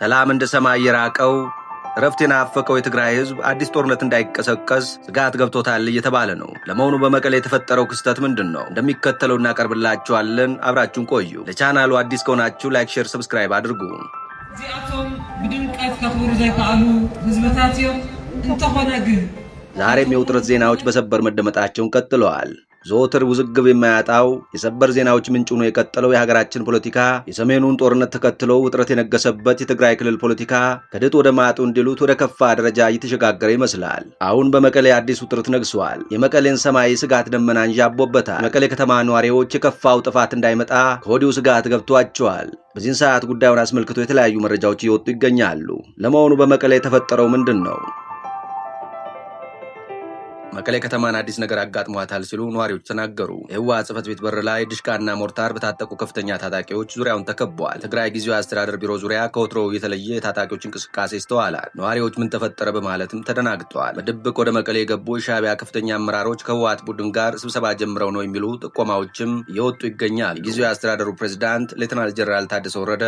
ሰላም እንደ ሰማይ የራቀው እረፍት የናፈቀው የትግራይ ህዝብ አዲስ ጦርነት እንዳይቀሰቀስ ስጋት ገብቶታል እየተባለ ነው። ለመሆኑ በመቀሌ የተፈጠረው ክስተት ምንድን ነው? እንደሚከተለው እናቀርብላችኋለን። አብራችሁን ቆዩ። ለቻናሉ አዲስ ከሆናችሁ ላይክ፣ ሼር፣ ሰብስክራይብ አድርጉ። እዚኣቶም ብድምቀት ከኽብሩ ዘይከኣሉ ህዝብታት እዮም እንተኾነ ግን ዛሬም የውጥረት ዜናዎች በሰበር መደመጣቸውን ቀጥለዋል። ዘወትር ውዝግብ የማያጣው የሰበር ዜናዎች ምንጭ ሆኖ የቀጠለው የሀገራችን ፖለቲካ የሰሜኑን ጦርነት ተከትሎ ውጥረት የነገሰበት የትግራይ ክልል ፖለቲካ ከድጥ ወደ ማጡ እንዲሉት ወደ ከፋ ደረጃ እየተሸጋገረ ይመስላል። አሁን በመቀሌ አዲስ ውጥረት ነግሷል። የመቀሌን ሰማይ ስጋት ደመና እንዣቦበታል። መቀሌ ከተማ ነዋሪዎች የከፋው ጥፋት እንዳይመጣ ከወዲሁ ስጋት ገብቷቸዋል። በዚህን ሰዓት ጉዳዩን አስመልክቶ የተለያዩ መረጃዎች እየወጡ ይገኛሉ። ለመሆኑ በመቀሌ የተፈጠረው ምንድን ነው? መቀሌ ከተማን አዲስ ነገር አጋጥሟታል ሲሉ ነዋሪዎች ተናገሩ። የህወሓት ጽህፈት ቤት በር ላይ ድሽቃና ሞርታር በታጠቁ ከፍተኛ ታጣቂዎች ዙሪያውን ተከቧል። ትግራይ ጊዜያዊ አስተዳደር ቢሮ ዙሪያ ከወትሮው የተለየ የታጣቂዎች እንቅስቃሴ ይስተዋላል። ነዋሪዎች ምን ተፈጠረ በማለትም ተደናግጠዋል። በድብቅ ወደ መቀሌ የገቡ የሻዕቢያ ከፍተኛ አመራሮች ከህወሓት ቡድን ጋር ስብሰባ ጀምረው ነው የሚሉ ጥቆማዎችም እየወጡ ይገኛል። የጊዜያዊ አስተዳደሩ ፕሬዚዳንት ሌተናል ጀነራል ታደሰ ወረደ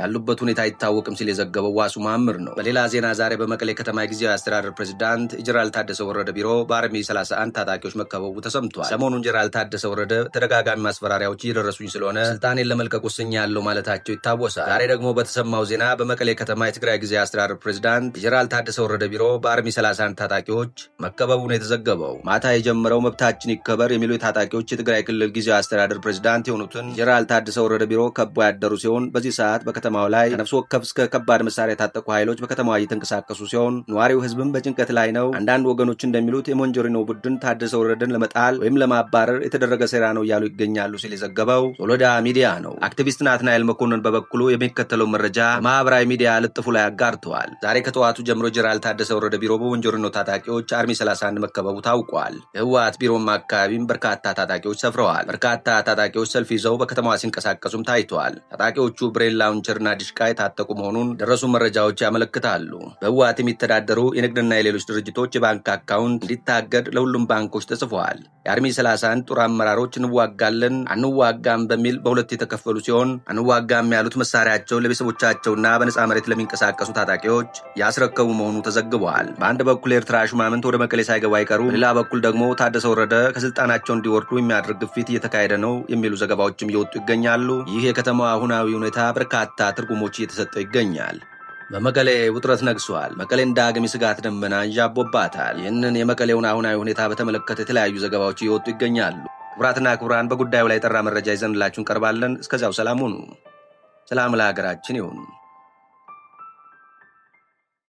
ያሉበት ሁኔታ አይታወቅም ሲል የዘገበው ዋሱ ማምር ነው። በሌላ ዜና ዛሬ በመቀሌ ከተማ ጊዜያዊ አስተዳደር ፕሬዚዳንት ጀነራል ታደሰ ወረደ ቢሮ በአርሚ 31 ታጣቂዎች መከበቡ ተሰምቷል። ሰሞኑን ጀነራል ታደሰ ወረደ ተደጋጋሚ ማስፈራሪያዎች እየደረሱኝ ስለሆነ ስልጣኔን ለመልቀቅ ወስኛ ያለው ማለታቸው ይታወሳል። ዛሬ ደግሞ በተሰማው ዜና በመቀሌ ከተማ የትግራይ ጊዜያዊ አስተዳደር ፕሬዚዳንት ጀነራል ታደሰ ወረደ ቢሮ በአርሚ 31 ታጣቂዎች መከበቡ ነው የተዘገበው። ማታ የጀመረው መብታችን ይከበር የሚሉ ታጣቂዎች የትግራይ ክልል ጊዜያዊ አስተዳደር ፕሬዚዳንት የሆኑትን ጀነራል ታደሰ ወረደ ቢሮ ከቦ ያደሩ ሲሆን በዚህ ሰዓት በከተ በከተማው ላይ ከነፍስ ወከፍ እስከ ከባድ መሳሪያ የታጠቁ ኃይሎች በከተማዋ እየተንቀሳቀሱ ሲሆን ነዋሪው ህዝብም በጭንቀት ላይ ነው። አንዳንድ ወገኖች እንደሚሉት የሞንጆሪኖ ቡድን ታደሰ ወረደን ለመጣል ወይም ለማባረር የተደረገ ሴራ ነው እያሉ ይገኛሉ ሲል የዘገበው ሶሎዳ ሚዲያ ነው። አክቲቪስት ናትናኤል መኮንን በበኩሉ የሚከተለው መረጃ ማህበራዊ ሚዲያ ልጥፉ ላይ አጋርተዋል። ዛሬ ከጠዋቱ ጀምሮ ጀነራል ታደሰ ወረደ ቢሮ በሞንጆሪኖ ታጣቂዎች አርሚ 31 መከበቡ ታውቋል። የህወሓት ቢሮም አካባቢም በርካታ ታጣቂዎች ሰፍረዋል። በርካታ ታጣቂዎች ሰልፍ ይዘው በከተማዋ ሲንቀሳቀሱም ታይተዋል። ታጣቂዎቹ ብሬን ላውንቸር ክላሽንኮቭና ዲሽቃ የታጠቁ መሆኑን ደረሱ መረጃዎች ያመለክታሉ። በህወሓት የሚተዳደሩ የንግድና የሌሎች ድርጅቶች የባንክ አካውንት እንዲታገድ ለሁሉም ባንኮች ተጽፏል። የአርሚ 31 ጦር አመራሮች እንዋጋለን አንዋጋም በሚል በሁለት የተከፈሉ ሲሆን አንዋጋም ያሉት መሳሪያቸው ለቤተሰቦቻቸውና በነፃ መሬት ለሚንቀሳቀሱ ታጣቂዎች ያስረከቡ መሆኑ ተዘግበዋል። በአንድ በኩል ኤርትራ ሹማምንት ወደ መቀሌ ሳይገቡ አይቀሩ፣ በሌላ በኩል ደግሞ ታደሰ ወረደ ከስልጣናቸው እንዲወርዱ የሚያደርግ ግፊት እየተካሄደ ነው የሚሉ ዘገባዎችም እየወጡ ይገኛሉ። ይህ የከተማዋ አሁናዊ ሁኔታ በርካታ ትርጉሞች እየተሰጠው ይገኛል። በመቀሌ ውጥረት ነግሷል። እንደ አገሚ ስጋት ደመና እንዣቦባታል። ይህንን የመቀሌውን አሁናዊ ሁኔታ በተመለከተ የተለያዩ ዘገባዎች እየወጡ ይገኛሉ። ክቡራትና ክቡራን በጉዳዩ ላይ የጠራ መረጃ ይዘንላችሁ እንቀርባለን። እስከዚያው ሰላም ሁኑ። ሰላም ለሀገራችን ይሁን።